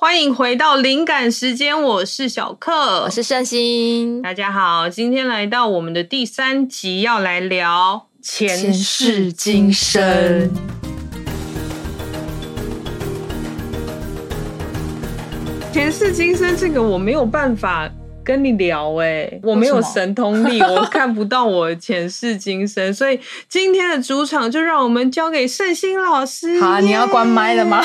歡迎回到靈感時間，我是小克，我是聖心，大家好，今天來到我們的第三集，要來聊前世今生。前世今生這個我沒有辦法。跟你聊誒、欸，我沒有神通力，我看不到我前世今生， 所以今天的主場就讓我們交給聖心老師。好，你要關麥了嗎？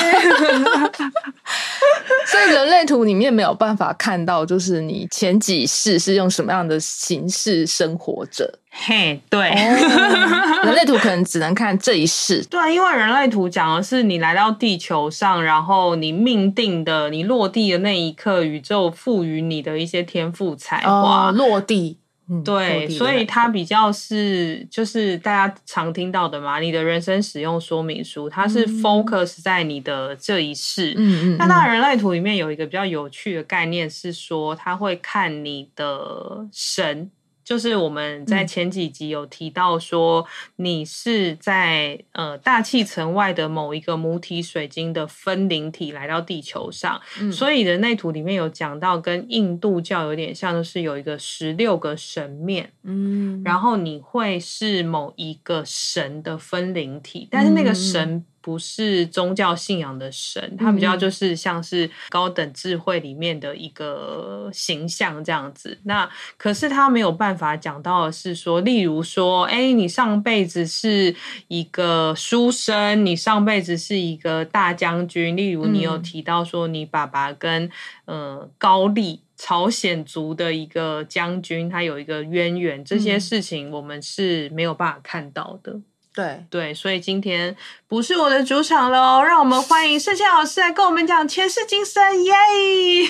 所以人類圖裡面沒有辦法看到，就是你前幾世是用什麼樣的形式生活着。嘿，hey, 對， 人類圖可能只能看這一世。 對，因為人類圖講的是你來到地球上，然後你命定的你落地的那一刻，宇宙賦予你的一些天賦才華。哦、落地，對，落地，所以它比較是就是大家常聽到的嘛，你的人生使用說明書，它是 focus 在你的這一世。嗯嗯。那它人類圖裡面有一個比較有趣的概念是說，它會看你的神。就是我們在前幾集有提到說，你是在呃大氣層外的某一個母體水晶的分靈體來到地球上。嗯，所以人類圖裡面有講到，跟印度教有點像，就是有一個十六個神面。嗯，然後你會是某一個神的分靈體，但是那個神，嗯不是宗教信仰的神，他比較就是像是高等智慧裡面的一個形象這樣子。那可是他沒有辦法講到的是說，例如說，哎、欸，你上輩子是一個書生，你上輩子是一個大將軍。例如你有提到說，你爸爸跟呃高麗朝鮮族的一個將軍，他有一個淵源，這些事情我們是沒有辦法看到的。對對，所以今天不是我的主場嘍，讓我們歡迎聖心老師來跟我們講前世今生，耶！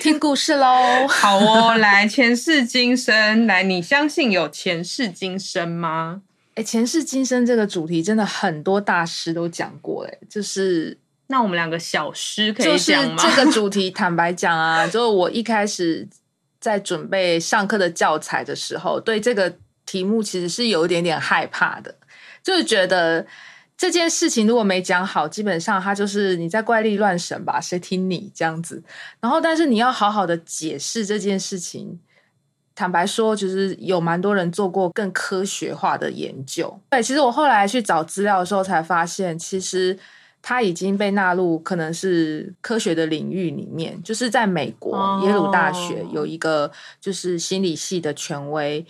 聽故事嘍，好哦， 來前世今生，來，你相信有前世今生嗎？哎、欸，前世今生這個主題真的很多大師都講過、欸，哎，就是那我們兩個小師可以講嗎？就是這個主題坦白講啊， 就我一開始在準備上課的教材的時候，對這個題目其實是有一點點害怕的。就是覺得這件事情如果沒講好，基本上他就是你在怪力亂神吧，誰聽你這樣子？然後，但是你要好好的解釋這件事情。坦白說，就是有蠻多人做過更科學化的研究。對，其實我後來去找資料的時候，才發現其實它已經被納入可能是科學的領域裡面。就是在美國耶魯大學有一個就是心理系的權威。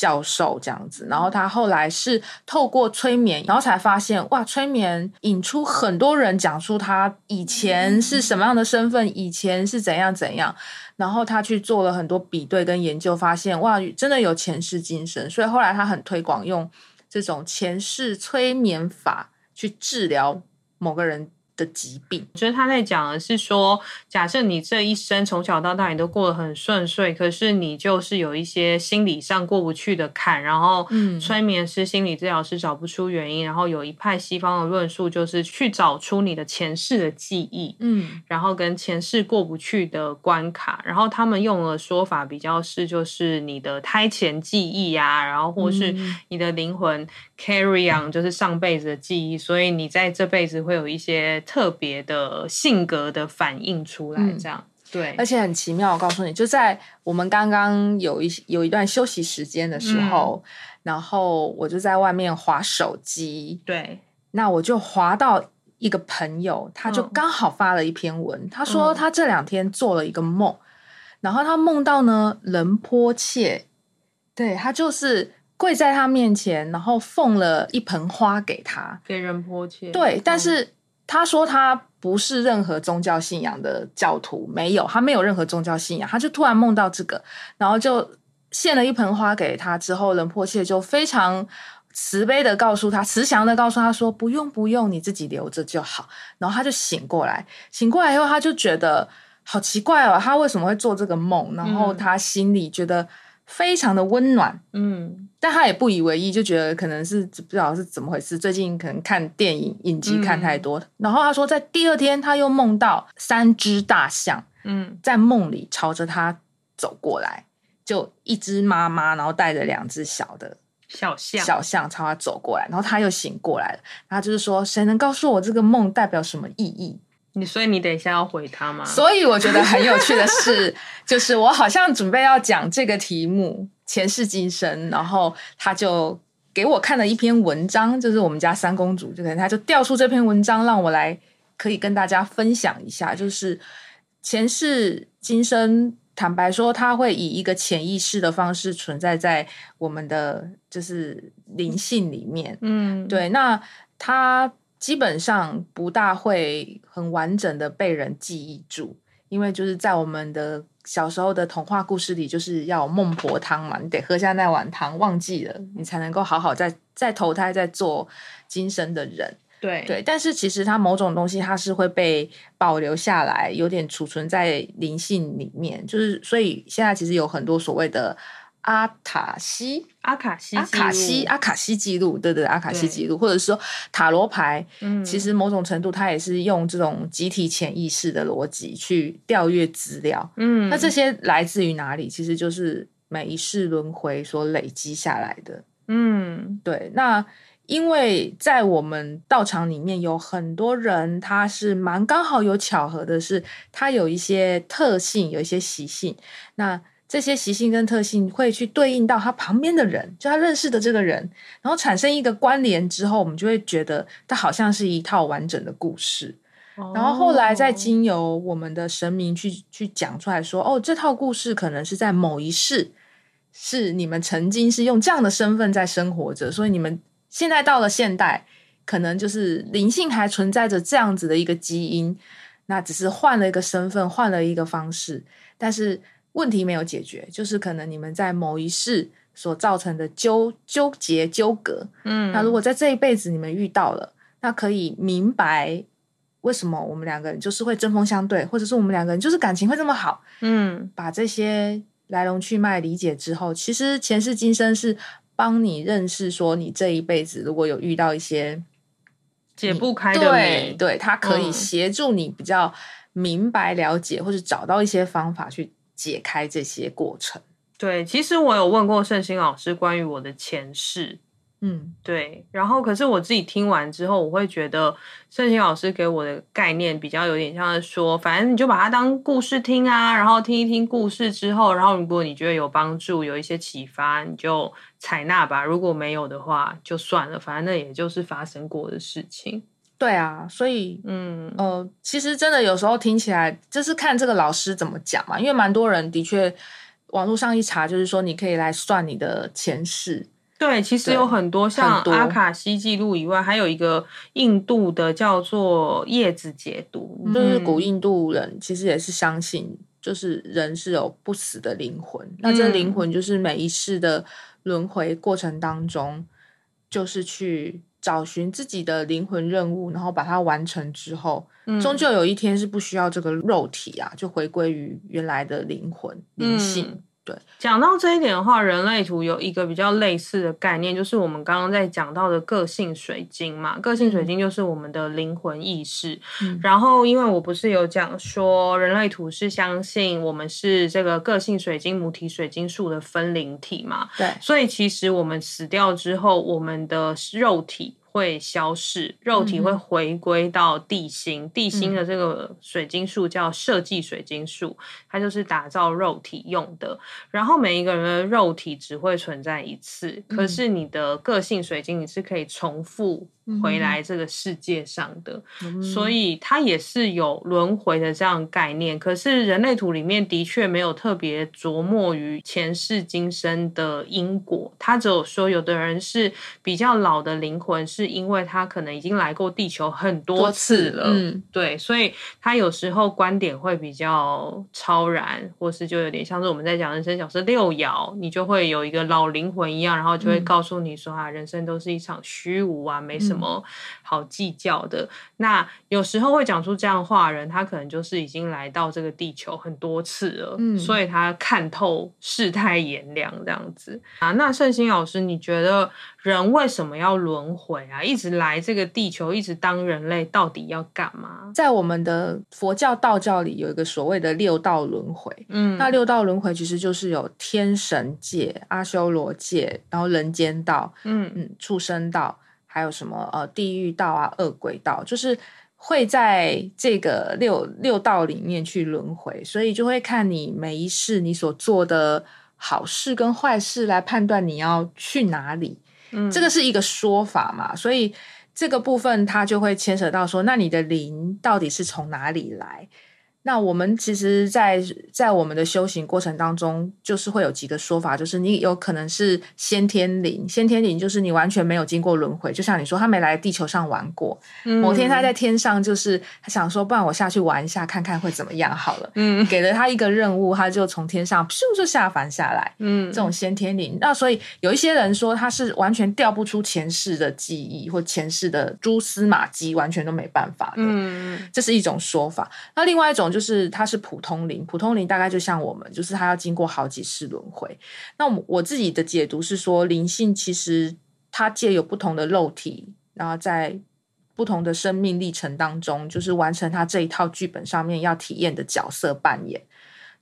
教授這樣子，然後他後來是透過催眠，然後才發現哇，催眠引出很多人講述他以前是什麼樣的身份，以前是怎樣怎樣，然後他去做了很多比對跟研究，發現哇，真的有前世今生，所以後來他很推廣用這種前世催眠法去治療某個人。的疾病，所以他在講的是說，假設你這一生從小到大你都過得很順遂，可是你就是有一些心理上過不去的坎，然後，嗯，催眠師、心理治療師找不出原因，然後有一派西方的論述就是去找出你的前世的記憶，嗯，然後跟前世過不去的關卡，然後他們用的說法比較是，就是你的胎前記憶啊，然後或是你的靈魂 carry on，嗯，就是上輩子的記憶，所以你在這輩子會有一些特別的性格的反應出來，這樣、嗯、對，而且很奇妙。我告訴你，就在我們剛剛有一有一段休息時間的時候，嗯、然後我就在外面滑手機。對，那我就滑到一個朋友，他就剛好發了一篇文，嗯、他說他這兩天做了一個夢，嗯、然後他夢到呢，仁波切，對，他就是跪在他面前，然後奉了一盆花給他，給仁波切對，嗯、但是。他說他不是任何宗教信仰的教徒，沒有，他沒有任何宗教信仰，他就突然夢到這個，然後就獻了一盆花給他，之後仁波切就非常慈悲的告訴他，慈祥的告訴他說不用不用，你自己留着就好。然後他就醒過來，醒過來以後他就覺得好奇怪哦，他為什麼會做這個夢？然後他心裡覺得。嗯非常的溫暖，嗯，但他也不以為意，就覺得可能是不知道是怎麼回事，最近可能看電影影集看太多。嗯，然後他說，在第二天他又夢到三隻大象，嗯，在夢裡朝着他走過來，就一隻媽媽，然後帶着兩隻小的小象，小象朝他走過來。然後他又醒過來了，他就是說，誰能告訴我這個夢代表什麼意義？你所以你等一下要回他嗎？所以我覺得很有趣的是， 就是我好像準備要講這個題目“前世今生”，然後他就給我看了一篇文章，就是我們家三公主，就可能他就調出這篇文章讓我來可以跟大家分享一下，就是前世今生。坦白說，他會以一個潛意識的方式存在在我們的就是靈性裡面。嗯，對，那他。基本上不大會很完整的被人記憶住，因為就是在我們的小時候的童話故事裡，就是要有孟婆湯嘛，你得喝下那碗湯，忘記了你才能夠好好再再投胎再做今生的人。對對，但是其實它某種東西它是會被保留下來，有點儲存在靈性裡面，就是所以現在其實有很多所謂的。阿塔西、阿卡西，阿卡西、阿卡西、阿卡西記錄，對對，阿卡西記錄，對或者說塔羅牌，嗯，其實某種程度它也是用這種集體潛意識的邏輯去調閱資料，嗯，那這些來自於哪裡？其實就是每一世輪迴所累積下來的，嗯，對。那因為在我們道場裡面有很多人，他是蠻剛好有巧合的是，他有一些特性，有一些習性，那。這些習性跟特性會去對應到他旁邊的人，就他認識的這個人，然後產生一個關聯之後，我們就會覺得它好像是一套完整的故事。Oh. 然後後來再經由我們的神明去去講出來說：“哦，這套故事可能是在某一世，是你們曾經是用這樣的身份在生活着，所以你們現在到了現代，可能就是靈性還存在着這樣子的一個基因，那只是換了一個身份，換了一個方式，但是。”問題沒有解決，就是可能你們在某一世所造成的糾糾結、糾葛。嗯，那如果在這一輩子你們遇到了，那可以明白為什麼我們兩個人就是會針鋒相對，或者是我們兩個人就是感情會這麼好。嗯，把這些來龍去脈理解之後，其實前世今生是幫你認識說你這一輩子如果有遇到一些解不開的。對，對，他可以協助你比較明白了解，嗯，或者找到一些方法去。解開這些過程，對，其實我有問過聖心老師關於我的前世，嗯，對，然後可是我自己聽完之後，我會覺得聖心老師給我的概念比較有點像是說，反正你就把它當故事聽啊，然後聽一聽故事之後，然後如果你覺得有幫助，有一些啟發，你就採納吧；如果沒有的話，就算了，反正那也就是發生過的事情。對啊，所以嗯呃，其實真的有時候聽起來，就是看這個老師怎麼講嘛，因為蠻多人的確網絡上一查，就是說你可以來算你的前世。對，其實有很多對像阿卡西記錄以外，多還有一個印度的叫做葉子解讀，就是古印度人其實也是相信，就是人是有不死的靈魂，嗯、那這靈魂就是每一世的輪迴過程當中，就是去。找尋自己的靈魂任務，然後把它完成之後，嗯、終究有一天是不需要這個肉體啊，就回歸於原來的靈魂靈性。嗯講到這一點的話，人類圖有一個比較類似的概念，就是我們剛剛在講到的個性水晶嘛。個性水晶就是我們的靈魂意識。嗯。然後，因為我不是有講說，人類圖是相信我們是這個個性水晶母體水晶樹的分靈體嘛？對。所以，其實我們死掉之後，我們的肉體。會消逝，肉體會回歸到地心。嗯、地心的這個水晶樹叫設計水晶樹，嗯、它就是打造肉體用的。然後每一個人的肉體只會存在一次，嗯、可是你的個性水晶你是可以重複回來這個世界上的，嗯、所以他也是有輪迴的這樣概念。可是人類圖裡面的確沒有特別著墨於前世今生的因果，他只有說有的人是比較老的靈魂，是因為他可能已經來過地球很多次了。次嗯，對，所以他有時候觀點會比較超然，或是就有點像是我們在講人生小說六爻，你就會有一個老靈魂一樣，然後就會告訴你說啊，嗯、人生都是一場虛無啊，沒什麼。麼、嗯、好計較的？那有時候會講出這樣的話人，他可能就是已經來到這個地球很多次了，嗯，所以他看透世態炎涼這樣子啊。那聖心老師，你覺得人為什麼要輪迴啊？一直來這個地球，一直當人類，到底要幹嘛？在我們的佛教、道教裡有一個所謂的六道輪迴，嗯，那六道輪迴其實就是有天神界、阿修羅界，然後人間道，嗯嗯，畜生道。還有什麼呃、地獄道啊，惡鬼道，就是會在這個六六道裡面去輪迴，所以就會看你每一世你所做的好事跟壞事來判斷你要去哪裡。嗯，這個是一個說法嘛，所以這個部分它就會牽扯到說，那你的靈到底是從哪裡來？那我們其實在，在在我們的修行過程當中，就是會有幾個說法，就是你有可能是先天靈，先天靈就是你完全沒有經過輪回，就像你說他沒來地球上玩過，嗯，某天他在天上，就是他想說，不然我下去玩一下，看看會怎麼樣好了，嗯，給了他一個任務，他就從天上咻就下凡下來，嗯，這種先天靈，那所以有一些人說他是完全調不出前世的記憶或前世的蛛絲馬跡，完全都沒辦法的，嗯，這是一種說法，那另外一種。就是它是普通靈，普通靈大概就像我們，就是它要經過好幾次輪迴。那我自己的解讀是說，靈性其實它藉由不同的肉體，然後在不同的生命歷程當中，就是完成它這一套劇本上面要體驗的角色扮演。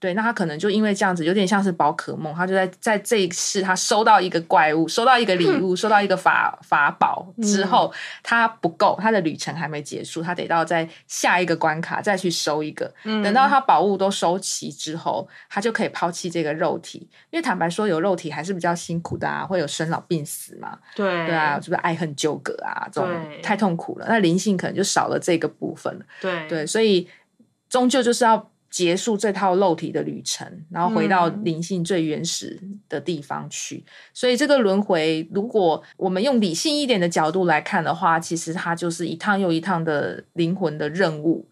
對，那他可能就因為這樣子，有點像是寶可夢，他就在在這一世，他收到一個怪物，收到一個禮物，嗯、收到一個法法寶之後，他不夠，他的旅程還沒結束，他得到在下一個關卡再去收一個，等到他寶物都收齊之後，他就可以拋棄這個肉體，因為坦白說，有肉體還是比較辛苦的啊，會有生老病死嘛，對對啊，是、就、不是愛恨糾葛啊，這種對太痛苦了，那靈性可能就少了這個部分了，對對，所以終究就是要。結束這套肉體的旅程，然後回到靈性最原始的地方去。嗯、所以，這個輪回，如果我們用理性一點的角度來看的話，其實它就是一趟又一趟的靈魂的任務，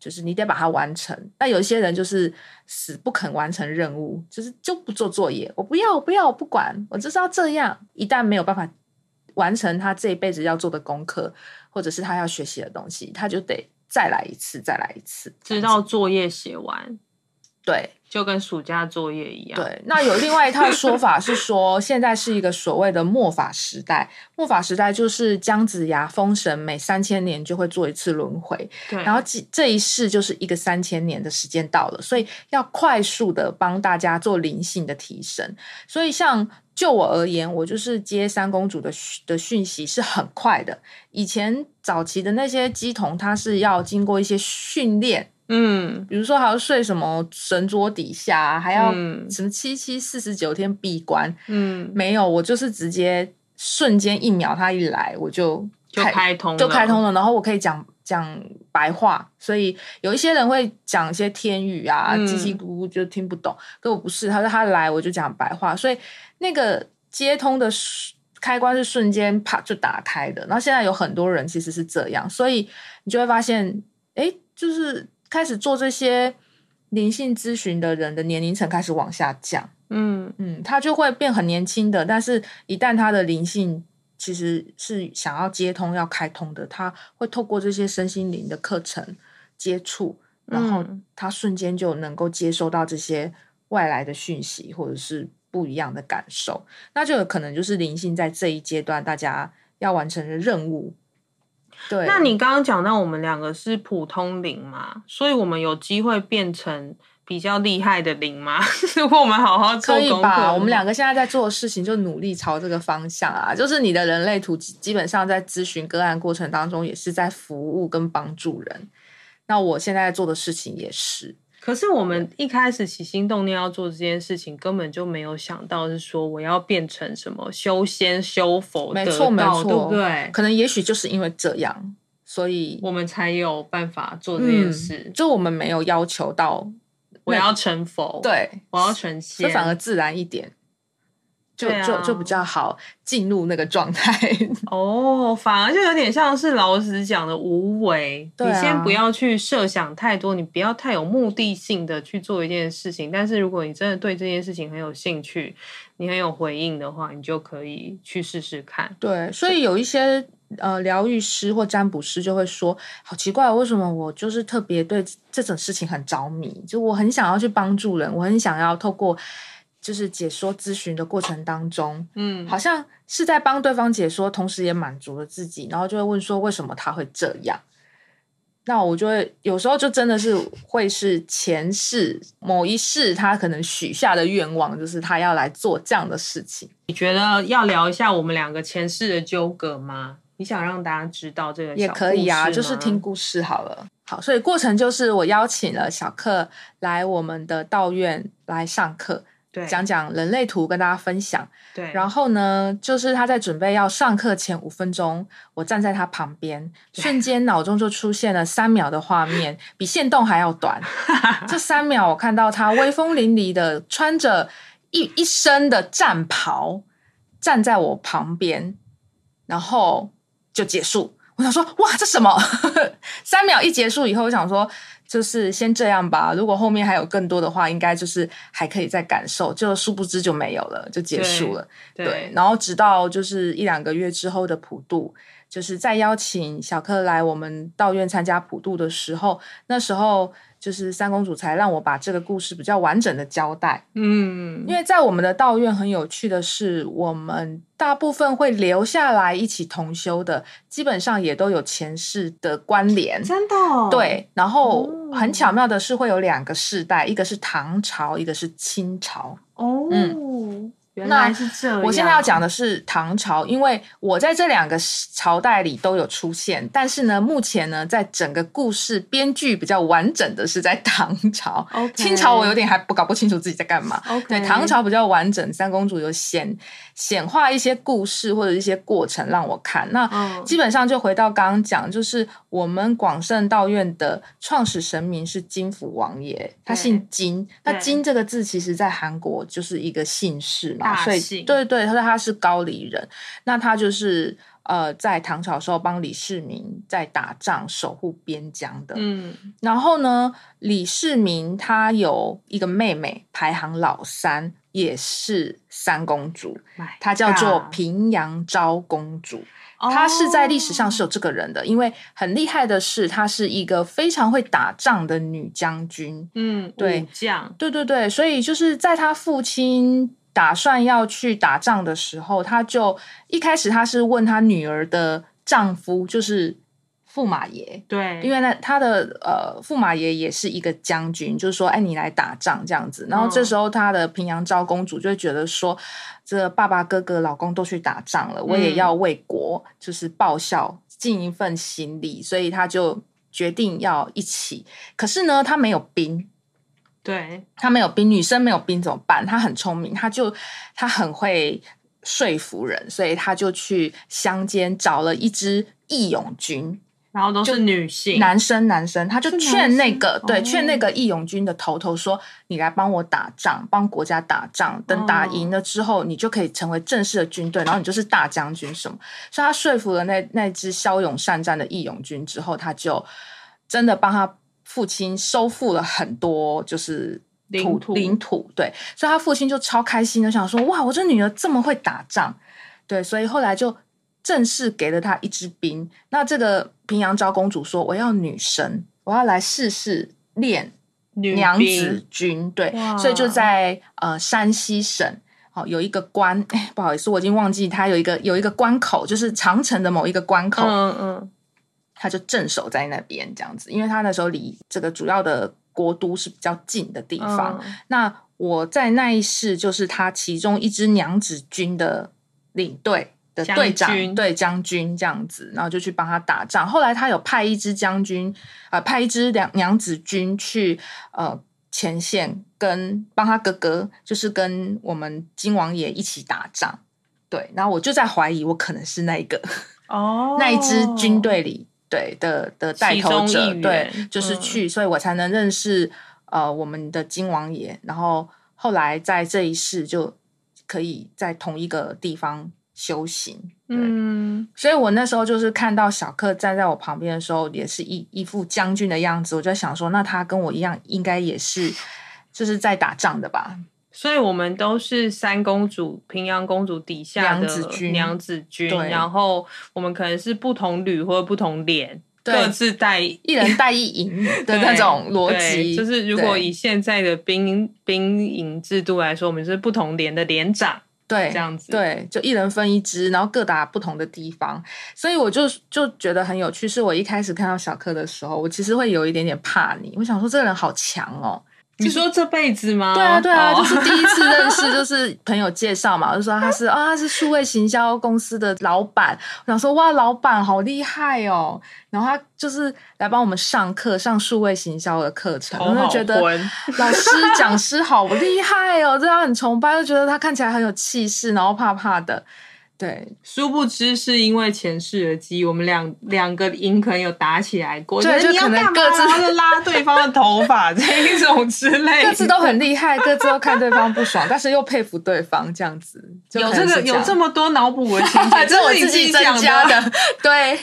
就是你得把它完成。但有些人就是死不肯完成任務，就是就不做作業，我不要，我不要，我不管，我就是要這樣。一旦沒有辦法完成他這一輩子要做的功課，或者是他要學習的東西，他就得。再來一次，再來一次，再一次。直到作業寫完。對，就跟暑假作業一樣。對，那有另外一套說法是說，現在是一個所謂的末法時代。 末法時代就是姜子牙封神，每三千年就會做一次輪迴。對，然後這一世就是一個三千年的時間到了，所以要快速地幫大家做靈性的提升。所以像。就我而言，我就是接三公主的訊的訊息是很快的。以前早期的那些乩童，他是要經過一些訓練，嗯，比如說還要睡什麼神桌底下，嗯，還要什麼七七四十九天閉關，嗯，沒有，我就是直接瞬間一秒，他一來我就開就開通了，就開通了，然後我可以講。講白話，所以有一些人會講一些天語啊，嗯、嘰嘰咕咕就聽不懂。但我不是，他說他來我就講白話，所以那個接通的開關是瞬間啪，就打開的。然後現在有很多人其實是這樣，所以你就會發現，哎，就是開始做這些靈性諮詢的人的年齡層開始往下降。嗯嗯，他就會變很年輕的，但是一旦他的靈性。其實是想要接通、要開通的，他會透過這些身心靈的課程接觸，然後他瞬間就能夠接收到這些外來的訊息或者是不一樣的感受，那就有可能就是靈性在這一階段大家要完成的任務。對，那你剛剛講到我們兩個是普通靈嘛，所以我們有機會變成。比較厲害的靈嗎？ 如果我們好好做可以吧，嗯、我們兩個現在在做的事情，就努力朝這個方向啊。就是你的人類圖基本上在諮詢個案過程當中，也是在服務跟幫助人。那我現在在做的事情也是。可是我們一開始起心動念要做這件事情，嗯、根本就沒有想到是說我要變成什麼修仙修佛。沒錯錯，沒錯，對，對。可能也許就是因為這樣，所以我們才有辦法做這件事。嗯、就我們沒有要求到。我要成佛，對，我要成仙，這反而自然一點，就、啊、就就，就比較好進入那個狀態哦。Oh, 反而就有點像是老子講的無為，啊、你先不要去設想太多，你不要太有目的性的去做一件事情。但是如果你真的對這件事情很有興趣，你很有回應的話，你就可以去試試看。對，對，所以有一些。呃，療癒師或占卜師就會說，好奇怪，為什麼我就是特別對這種事情很着迷，就我很想要去幫助人，我很想要透過就是解說諮詢的過程當中，嗯，好像是在幫對方解說，同時也滿足了自己，然後就會問說，為什麼他會這樣？那我就會有時候就真的是會是前世某一世他可能許下的願望，就是他要來做這樣的事情。你覺得要聊一下我們兩個前世的糾葛嗎？你想讓大家知道這個也可以啊。就是聽故事好了。好，所以過程就是我邀請了小克來我們的道院來上課，對，講講人類圖跟大家分享。對，然後呢，就是他在準備要上課前五分鐘，我站在他旁邊，瞬間腦中就出現了三秒的畫面，對比限動還要短。 這三秒，我看到他威風凛凛的，穿着一一身的戰袍，站在我旁邊，然後。就結束，我想說，哇，這什麼？ 三秒一結束以後，我想說，就是先這樣吧。如果後面還有更多的話，應該就是還可以再感受，就殊不知就沒有了，就結束了。對，對，對，然後直到就是一兩個月之後的普渡。就是在邀請小克來我們道院參加普渡的時候，那時候就是三公主才讓我把這個故事比較完整的交代。嗯，因為在我們的道院很有趣的是，我們大部分會留下來一起同修的，基本上也都有前世的關聯。真的，哦？對。然後很巧妙的是會有兩個世代，嗯，一個是唐朝，一個是清朝。哦。嗯原來是這樣。我現在要講的是唐朝，因為我在這兩個朝代裡都有出現，但是呢，目前呢，在整個故事編劇比較完整的是在唐朝。Okay. 清朝我有點還不搞不清楚自己在幹嘛。Okay. 對，唐朝比較完整，三公主有顯顯化一些故事或者一些過程讓我看。那基本上就回到剛剛講，就是我們廣聖道院的創始神明是金府王爺，他姓金。對那金這個字，其實在韓國就是一個姓氏嘛。大對，對對，他說他是高麗人，那他就是呃，在唐朝時候幫李世民在打仗，守護邊疆的。嗯，然後呢，李世民他有一個妹妹，排行老三，也是三公主，God 她叫做平陽昭公主。Oh，她是在歷史上是有這個人的，因為很厲害的是，她是一個非常會打仗的女將軍。嗯，對武將將，對對對，所以就是在她父親打算要去打仗的時候，他就一開始他是問他女兒的丈夫，就是駙馬爺。對，因為呢，他的呃駙馬爺也是一個將軍，就是說，哎，你來打仗這樣子。然後這時候，他的平陽昭公主就覺得說，哦、這爸爸、哥哥、老公都去打仗了，嗯、我也要為國就是報效，盡一份心力，所以他就決定要一起。可是呢，他沒有兵。對，他沒有兵，女生沒有兵怎麼辦？他很聰明，他就他很會說服人，所以他就去鄉間找了一支義勇軍，然後都是女性，男生男生，他就勸那個對，勸 Okay. 那個義勇軍的頭頭說：“你來幫我打仗，幫國家打仗，等打贏了之後，你就可以成為正式的軍隊，然後你就是大將軍什麼。”所以他說服了那那支驍勇善戰的義勇軍之後，他就真的幫他。父親收復了很多，就是土領土領土，對，所以他父親就超開心的想說：“哇，我這女兒這麼會打仗，對，所以後來就正式給了她一支兵。那這個平陽昭公主說：我要女神，我要來試試練娘子軍，兵對，哇所以就在呃山西省，好有一個關、欸，不好意思，我已經忘記他有一個有一個關口，就是長城的某一個關口，嗯嗯。嗯”他就鎮守在那邊，這樣子，因為他那時候離這個主要的國都是比較近的地方。嗯、那我在那一世就是他其中一支娘子軍的領隊的隊長，將軍。對將軍這樣子，然後就去幫他打仗。後來他有派一支將軍，啊、呃，派一支娘娘子軍去呃前線跟，跟幫他哥哥，就是跟我們金王爺一起打仗。對，然後我就在懷疑，我可能是那一個哦， 那一支軍隊裡。對的的帶頭者，者對，嗯，就是去，所以我才能認識呃我們的金王爺。然後後來在這一世就可以在同一個地方修行。嗯，所以我那時候就是看到小克站在我旁邊的時候，也是一一副將軍的樣子，我就想說，那他跟我一樣，應該也是就是在打仗的吧。所以我們都是三公主、平陽公主底下的娘子軍，對然後我們可能是不同旅或者不同連，對各自帶一人帶一營的那種邏輯。就是如果以現在的兵對兵營制度來說，我們是不同連的連長，對，這樣子，對，就一人分一支，然後各打不同的地方。所以我就就覺得很有趣。是我一開始看到小克的時候，我其實會有一點點怕你，我想說這個人好強哦。就你說這輩子嗎？對啊，對啊，對啊，就是第一次認識，就是朋友介紹嘛，就說他是啊、 哦，他是數位行銷公司的老闆，我想說哇，老闆好厲害哦。然後他就是來幫我們上課，上數位行銷的課程，我就覺得老師 講師好厲害哦，對他很崇拜，就覺得他看起來很有氣勢，然後怕怕的。對，殊不知是因為前世的積，我們兩兩個因可能有打起來過，對，就可能各自是拉對方的頭髮這一種之類，各自都很厲害，各自都看對方不爽， 但是又佩服對方這樣子，這樣有這個有這麼多腦補情節，反正 我自己想加的，對，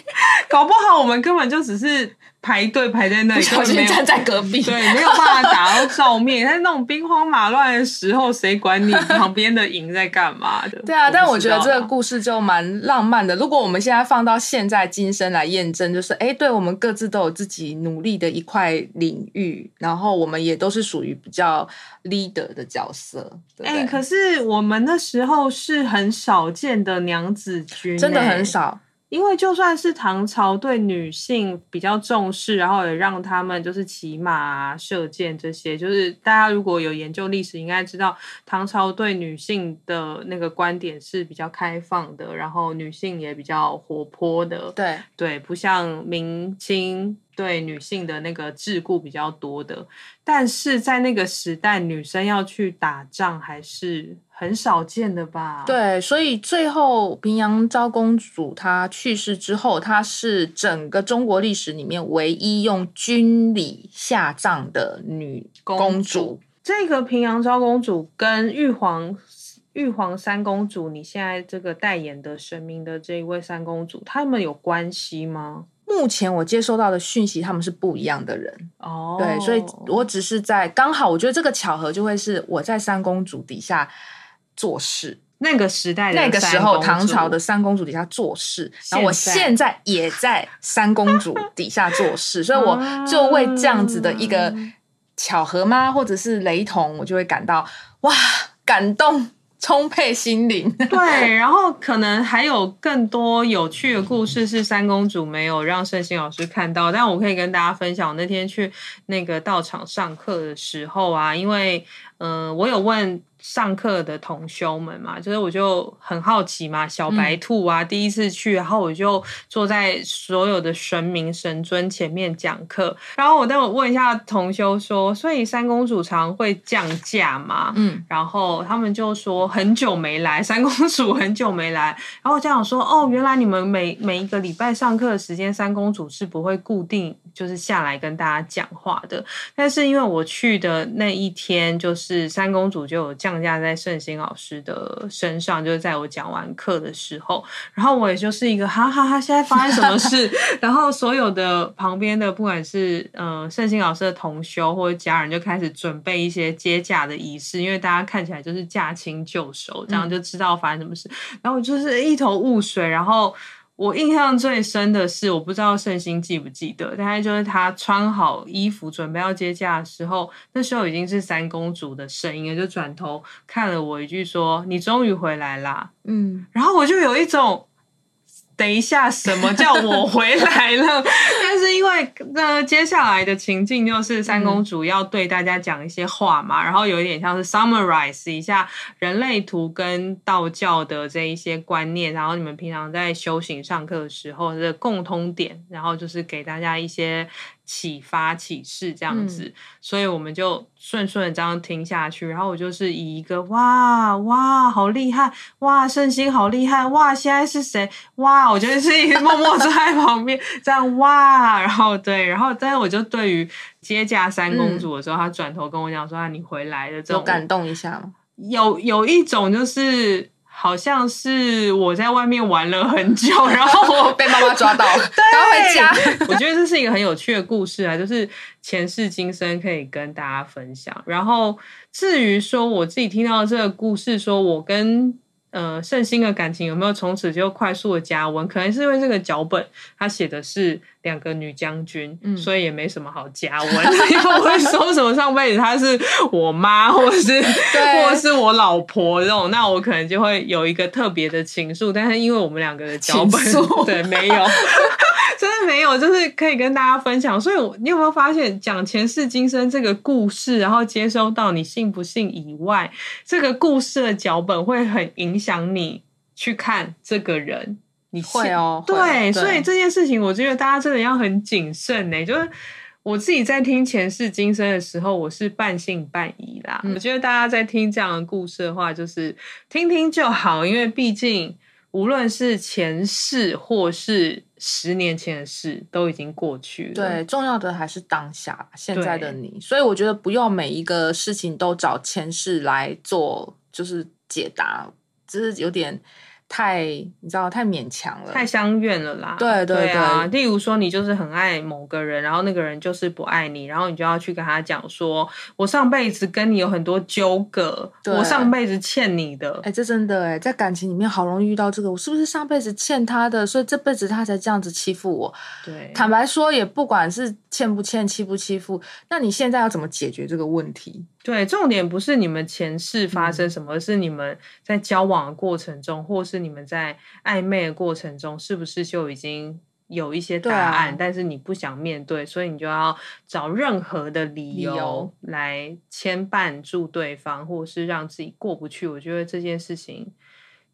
搞不好我們根本就只是。排隊排在那裡，我現在站在隔壁，對，沒有辦法打到照面。在 那種兵荒馬亂的時候，誰管你旁邊的營在幹嘛的？ 對啊，我但我覺得這個故事就蠻浪漫的。如果我們現在放到現在今生來驗證，就是哎、欸，對我們各自都有自己努力的一塊領域，然後我們也都是屬於比較 leader 的角色。哎、欸，可是我們那時候是很少見的娘子軍、欸，真的很少。因為就算是唐朝對女性比較重視，然後也讓他們就是騎馬、啊、射箭這些。就是大家如果有研究歷史，應該知道唐朝對女性的那個觀點是比較開放的，然後女性也比較活潑的。對對，不像明清對女性的那個桎梏比較多的。但是在那個時代，女生要去打仗還是？很少見的吧？對，所以最後平陽昭公主她去世之後，她是整個中國歷史裡面唯一用軍禮下葬的女公主。公主，這個平陽昭公主跟玉皇玉皇三公主，你現在這個代言的神明的這一位三公主，他們有關係嗎？目前我接收到的訊息，他們是不一樣的人。哦，對，所以我只是在剛好，我覺得這個巧合就會是我在三公主底下，做事那個時代的那個時候，唐朝的三公主底下做事，在然後我現在也在三公主底下做事， 所以我就為這樣子的一個巧合嗎， 或者是雷同，我就會感到哇，感動，充沛心靈。對，然後可能還有更多有趣的故事是三公主沒有讓聖心老師看到，但我可以跟大家分享。那天去那個道場上課的時候啊，因為嗯、呃，我有問。上課的同修們嘛，就是我就很好奇嘛，小白兔啊，嗯、第一次去，然後我就坐在所有的神明神尊前面講課。然後我待會問一下同修說，所以三公主常會降駕嘛？嗯，然後他們就說很久沒來，三公主很久沒來。然後我這樣想說，哦，原來你們每每一個禮拜上課的時間，三公主是不會固定就是下來跟大家講話的。但是因為我去的那一天，就是三公主就有降。上駕，在聖心老師的身上，就是在我講完課的時候，然後我也就是一個哈，哈哈哈，現在發生什麼事？ 然後所有的旁邊的不管是嗯、呃、聖心老師的同修或者家人，就開始準備一些接駕的儀式，因為大家看起來就是駕輕就熟，這樣就知道發生什麼事。嗯、然後我就是一頭霧水，然後。我印象最深的是，我不知道聖心記不記得，大概就是他穿好衣服準備要接駕的時候，那時候已經是三公主的聲音了，就轉頭看了我一句說：“你終於回來啦。”嗯，然後我就有一種。等一下，什麼叫我回來了？ 但是因為呃，接下來的情境就是三公主要對大家講一些話嘛，嗯、然後有一點像是 summarize 一下人類圖跟道教的這一些觀念，然後你們平常在修行上課的時候的共通點，然後就是給大家一些。啟發啟示這樣子，嗯、所以我們就順順這樣聽下去。然後我就是以一個哇哇好厲害，哇聖心好厲害，哇現在是誰？哇我覺得是一個默默坐在旁邊 這樣哇。然後對，然後但是我就對於接駕三公主的時候，嗯、他轉頭跟我講說啊，你回來的這種感動一下，有有一種就是。好像是我在外面玩了很久，然後 被媽媽抓到，對，我覺得這是一個很有趣的故事啊，就是前世今生可以跟大家分享。然後至於說我自己聽到這個故事，說我跟呃聖心的感情有沒有從此就快速的加溫？可能是因為這個腳本他寫的是，兩個女將軍，嗯、所以也沒什麼好加文 因為不會說什麼上輩子她是我媽，或者是對，或者是我老婆這種，那我可能就會有一個特別的情愫。但是因為我們兩個的腳本，緒對，沒有， 真的沒有，就是可以跟大家分享。所以你有沒有發現，講前世今生這個故事，然後接收到你信不信以外，這個故事的腳本會很影響你去看這個人。你會哦，現對，對所以這件事情，我覺得大家真的要很謹慎呢。就是我自己在聽前世今生的時候，我是半信半疑啦。嗯、我覺得大家在聽這樣的故事的話，就是聽聽就好，因為畢竟無論是前世或是十年前的事，都已經過去了。對，重要的還是當下現在的你。對所以我覺得，不用每一個事情都找前世來做，就是解答，這是有點。太，你知道太勉強了，太相怨了啦。對對對，對啊，例如說你就是很愛某個人，然後那個人就是不愛你，然後你就要去跟他講說，我上輩子跟你有很多糾葛，對，我上輩子欠你的。哎、欸，這真的哎、欸，在感情裡面好容易遇到這個，我是不是上輩子欠他的，所以這輩子他才這樣子欺負我？對，坦白說也不管是欠不欠、欠，欺不欺負，那你現在要怎麼解決這個問題？對，重點不是你們前世發生什麼，嗯、而是你們在交往的過程中，或是你們在曖昧的過程中，是不是就已經有一些答案？對啊、但是你不想面對，所以你就要找任何的理由來牽絆住對方，理由、或是讓自己過不去。我覺得這件事情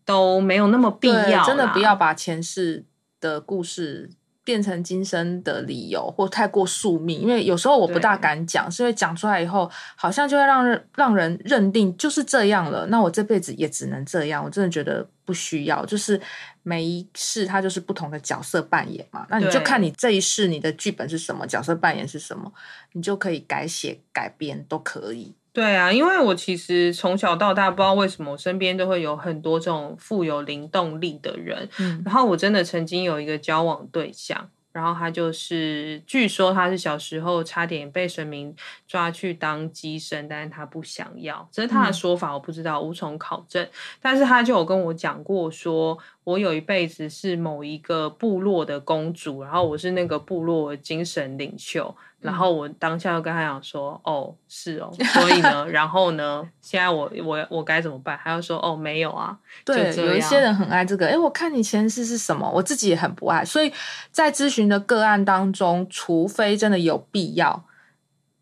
都沒有那麼必要，真的不要把前世的故事，變成今生的理由，或太過宿命。因為有時候我不大敢講，對是因為講出來以後，好像就會讓人讓人認定就是這樣了。那我這輩子也只能這樣。我真的覺得不需要，就是每一世它就是不同的角色扮演嘛。那你就看你這一世你的劇本是什麼，對角色扮演是什麼，你就可以改寫改編都可以。對啊，因為我其實從小到大不知道為什麼我身邊都會有很多這種富有靈動力的人，嗯、然後我真的曾經有一個交往對象，然後他就是據說他是小時候差點被神明抓去當乩身，但是他不想要，這是他的說法，我不知道、嗯、無從考證，但是他就有跟我講過說。我有一輩子是某一個部落的公主，然後我是那個部落的精神領袖，嗯、然後我當下又跟他講說，哦，是哦， 所以呢，然後呢，現在我我我該怎麼辦？他又說，哦，沒有啊，對，有一些人很愛這個，哎，我看你前世是什麼，我自己也很不愛，所以在諮詢的個案當中，除非真的有必要，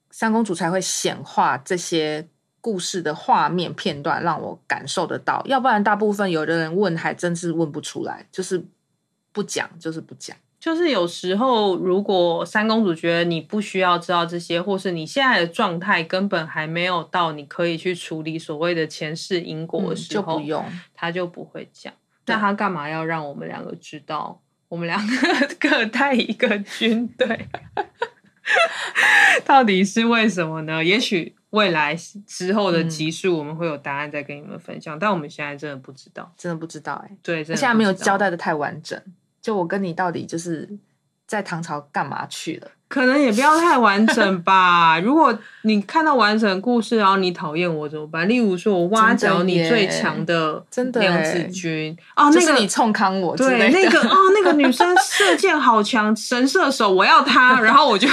三公主才會顯化這些。故事的畫面片段讓我感受得到，要不然大部分有的人問還真是問不出來，就是不講，就是不講。就是有時候，如果三公主覺得你不需要知道這些，或是你現在的狀態根本還沒有到你可以去處理所謂的前世因果的時候，嗯，就不用。他就不會講。對那他幹嘛要讓我們兩個知道？我們兩個各帶一個軍隊， 到底是為什麼呢？也許。未來之後的集數，我們會有答案再跟你們分享，嗯、但我們現在真的不知道，真的不知道哎、欸。對，現在沒有交代得太完整。就我跟你到底就是在唐朝幹嘛去了？可能也不要太完整吧。 如果你看到完整的故事，然後你討厭我怎麼辦？例如說我挖角你最強的，真的梁子軍啊，那個你衝康我，對那個哦，那個女生射箭好強， 神射手，我要她，然後我就。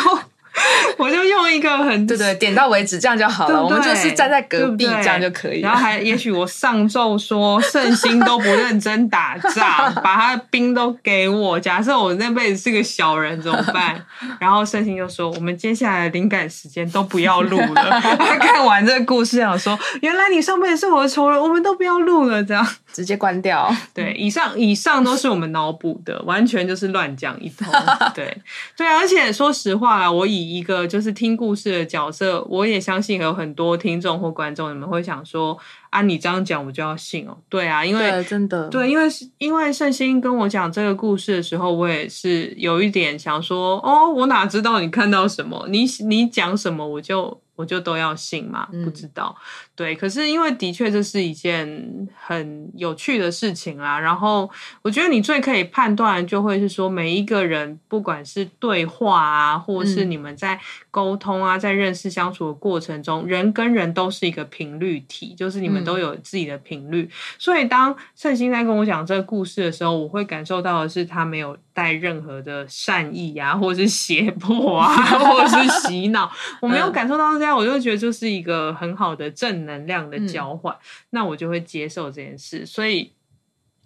我就用一個很對對，點到為止，這樣就好了。對對，我們就是站在隔壁，對對，這樣就可以。然後還，也許我上奏說聖心都不認真打仗， 把他的兵都給我。假設我那輩子是個小人怎麼辦？ 然後聖心就說，我們接下來的靈感時間都不要錄了。他 看完這個故事，想說，原來你上輩子是我的仇人，我們都不要錄了，這樣。直接關掉。對，以上以上都是我們腦補的， 完全就是亂講一通。對，對啊，而且說實話啊，我以一個就是聽故事的角色，我也相信有很多聽眾或觀眾，你們會想說啊，你這樣講我就要信哦、喔？對啊，因為真的，對，因為因為聖心跟我講這個故事的時候，我也是有一點想說，哦，我哪知道你看到什麼？你你講什麼我就。我就都要信嘛，不知道。嗯、對，可是因為的確這是一件很有趣的事情啦。然後我覺得你最可以判斷，就會是說每一個人，不管是對話啊，或者是你們在溝通啊，在認識相處的過程中，嗯、人跟人都是一個頻率體，就是你們都有自己的頻率。嗯、所以當聖心在跟我講這個故事的時候，我會感受到的是他沒有帶任何的善意啊，或是脅迫啊，或是洗腦， 我沒有感受到這樣，我就覺得就是一個很好的正能量的交換，嗯、那我就會接受這件事。所以，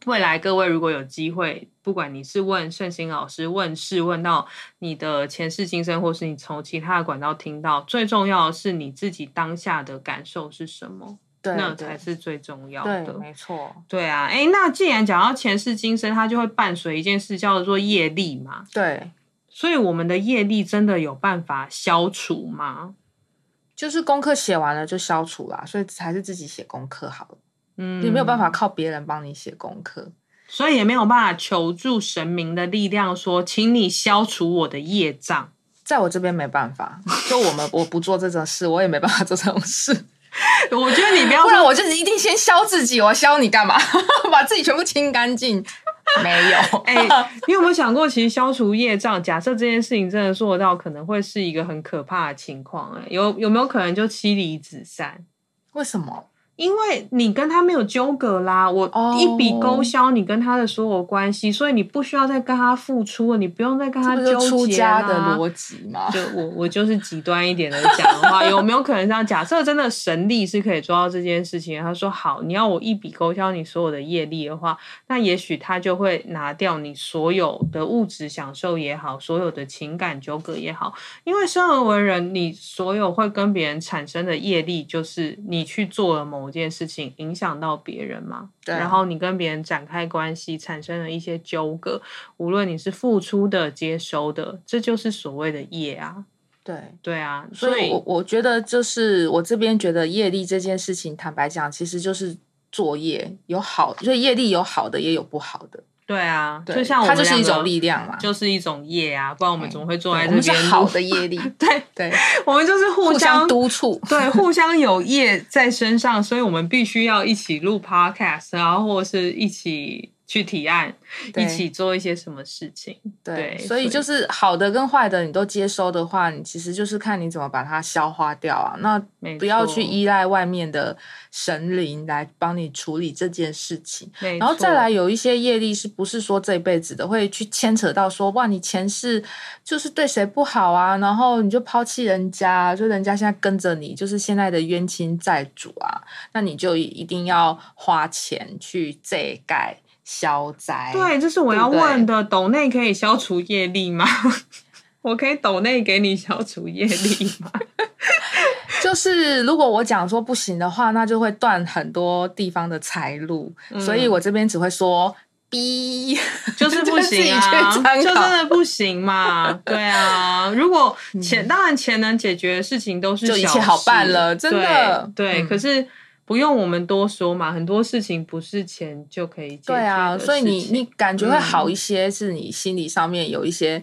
未來各位如果有機會，不管你是問聖心老師，問事，問到你的前世今生，或是你從其他的管道聽到，最重要的是你自己當下的感受是什麼。那才是最重要的，對對沒錯。對啊，哎，那既然講到前世今生，它就會伴隨一件事叫做業力嘛。對，所以我們的業力真的有辦法消除嗎？就是功課寫完了就消除啦。所以還是自己寫功課好了。嗯，也沒有辦法靠別人幫你寫功課，所以也沒有辦法求助神明的力量說，請你消除我的業障，在我這邊沒辦法。就我們，我不做這種事， 我也沒辦法做這種事。我覺得你不要，不然我就是一定先消自己，我消你幹嘛？ 把自己全部清乾淨。沒有，哎、 欸，你有沒有想過，其實消除業障，假設這件事情真的做到，可能會是一個很可怕的情況、欸。有有沒有可能就妻離子散？為什麼？因為你跟他沒有糾葛啦，我一筆勾銷你跟他的所有關係，oh. 所以你不需要再跟他付出了，你不用再跟他糾結、啊。是是出家的邏輯嘛，就我我就是極端一點的講的話， 有沒有可能這樣？假設真的神力是可以做到這件事情，他說好，你要我一筆勾銷你所有的業力的話，那也許他就會拿掉你所有的物質享受也好，所有的情感糾葛也好。因為生而為人，你所有會跟別人產生的業力，就是你去做了某。某件事情影響到別人嘛？對啊。然後你跟別人展開關係，產生了一些糾葛。無論你是付出的、接收的，這就是所謂的業啊。對對啊，所以，所以我我覺得就是我這邊覺得業力這件事情，坦白講，其實就是作業，有好，所以業力有好的，也有不好的。對啊，對就像我們它就是一種力量啦，就是一種業啊，不然我們怎麼會坐在這邊，嗯、好的業力，對 對，對我們就是互相，互相督促，對，互相有業在身上， 所以我們必須要一起錄 podcast，然後或是一起。去提案，對一起做一些什麼事情？對，對，所以就是好的跟壞的，你都接收的話，以你其實就是看你怎麼把它消化掉啊。錯那不要去依賴外面的神靈來幫你處理這件事情。錯然後再來有一些業力，是不是說這一輩子的會去牽扯到說，哇，你前世就是對誰不好啊？然後你就拋棄人家，就人家現在跟着你，就是現在的冤親債主啊。那你就一定要花錢去祭改。消災。對，這是我要問的。對，對斗內可以消除業力嗎？ 我可以斗內給你消除業力嗎？ 就是如果我講說不行的話，那就會斷很多地方的財路，嗯、所以我這邊只會說 “b”，就是不行啊，就，就真的不行嘛。對啊，如果錢、嗯、當然錢能解決的事情，都是就一切好辦了，真的對。對嗯、可是。不用我們多說嘛，很多事情不是錢就可以解決的事情。對啊，所以你，你感覺會好一些，嗯、是你心理上面有一些。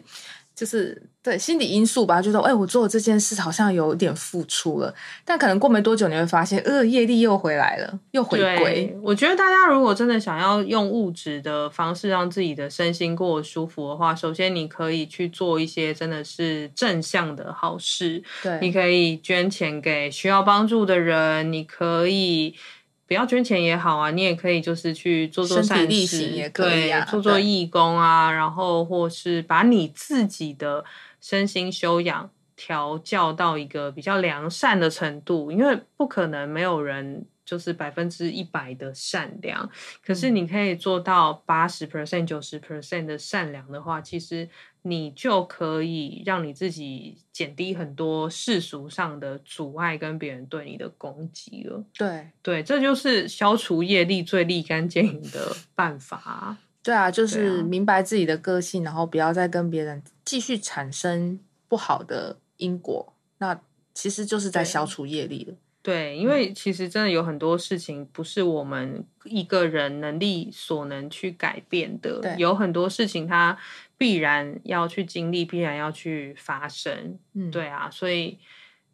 就是對心理因素吧，就說哎，我做了這件事，好像有點付出了，但可能過沒多久，你會發現，呃，業力又回來了，又回歸。我覺得大家如果真的想要用物質的方式讓自己的身心過舒服的話，首先你可以去做一些真的是正向的好事，對，你可以捐錢給需要幫助的人，你可以。不要捐錢也好啊，你也可以就是去做做善事，身體力行也可以、啊、對，做做義工啊，對然後或是把你自己的身心修養調教到一個比較良善的程度，因為不可能沒有人就是百分之一百的善良，嗯、可是你可以做到八十 percent、九十 percent 的善良的話，其實。你就可以讓你自己減低很多世俗上的阻礙跟別人對你的攻擊了。對對，這就是消除業力最立竿見影的辦法。 對啊，就是、啊、明白自己的個性，然後不要再跟別人繼續產生不好的因果，那其實就是在消除業力了。對，對，因為其實真的有很多事情不是我們一個人能力所能去改變的，對有很多事情它。必然要去經歷，必然要去發生。嗯，對啊，所以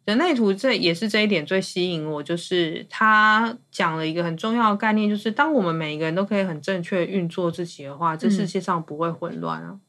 人類圖這也是這一點最吸引我，就是他講了一個很重要的概念，就是當我們每一個人都可以很正確運作自己的話，這世界上不會混亂啊。嗯、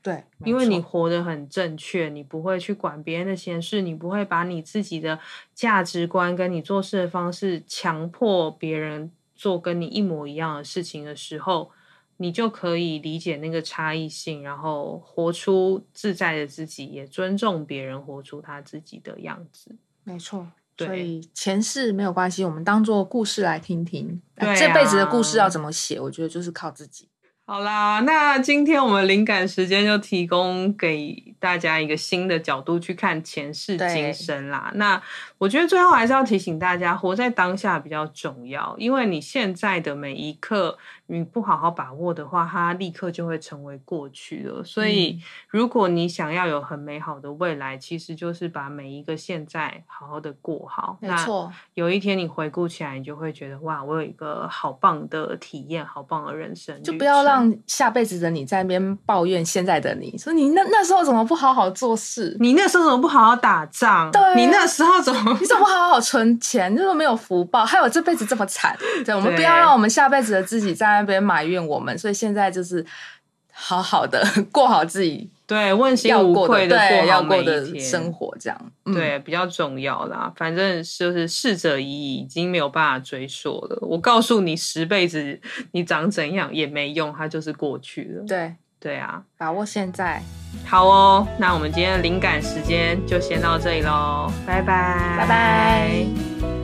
對，因為你活得很正確，你不會去管別人的閒事，你不會把你自己的價值觀跟你做事的方式強迫別人做跟你一模一樣的事情的時候。你就可以理解那個差異性，然後活出自在的自己，也尊重別人活出他自己的樣子。沒錯，對，所以前世沒有關係，我們當做故事來聽聽。啊，啊，這輩子的故事要怎麼寫，我覺得就是靠自己。好啦，那今天我們靈感時間就提供給。大家一個新的角度去看前世今生啦。對那我覺得最後還是要提醒大家，活在當下比較重要，因為你現在的每一刻，你不好好把握的話，它立刻就會成為過去了。所以，嗯、如果你想要有很美好的未來，其實就是把每一個現在好好的過好。沒錯錯，有一天你回顧起來，你就會覺得哇，我有一個好棒的體驗，好棒的人生。就不要讓下輩子的你在那邊抱怨現在的你，說你那那時候怎麼。不好好做事，你那時候怎麼不好好打仗？對，你那時候怎麼？你怎麼不好好存錢？你怎麼沒有福報？害我這輩子這麼慘？對，對我們不要讓我們下輩子的自己在那邊埋怨我們。所以現在就是好好的過好自己，對，問心無愧的對過好要過的生活，這樣、嗯、對比較重要啦。反正就是逝者已矣，已經沒有辦法追溯了。我告訴你十輩子你長怎樣也沒用，它就是過去了。對。對啊，把握現在。好哦，那我們今天的靈感時間就先到這裡嘍，拜拜，拜拜。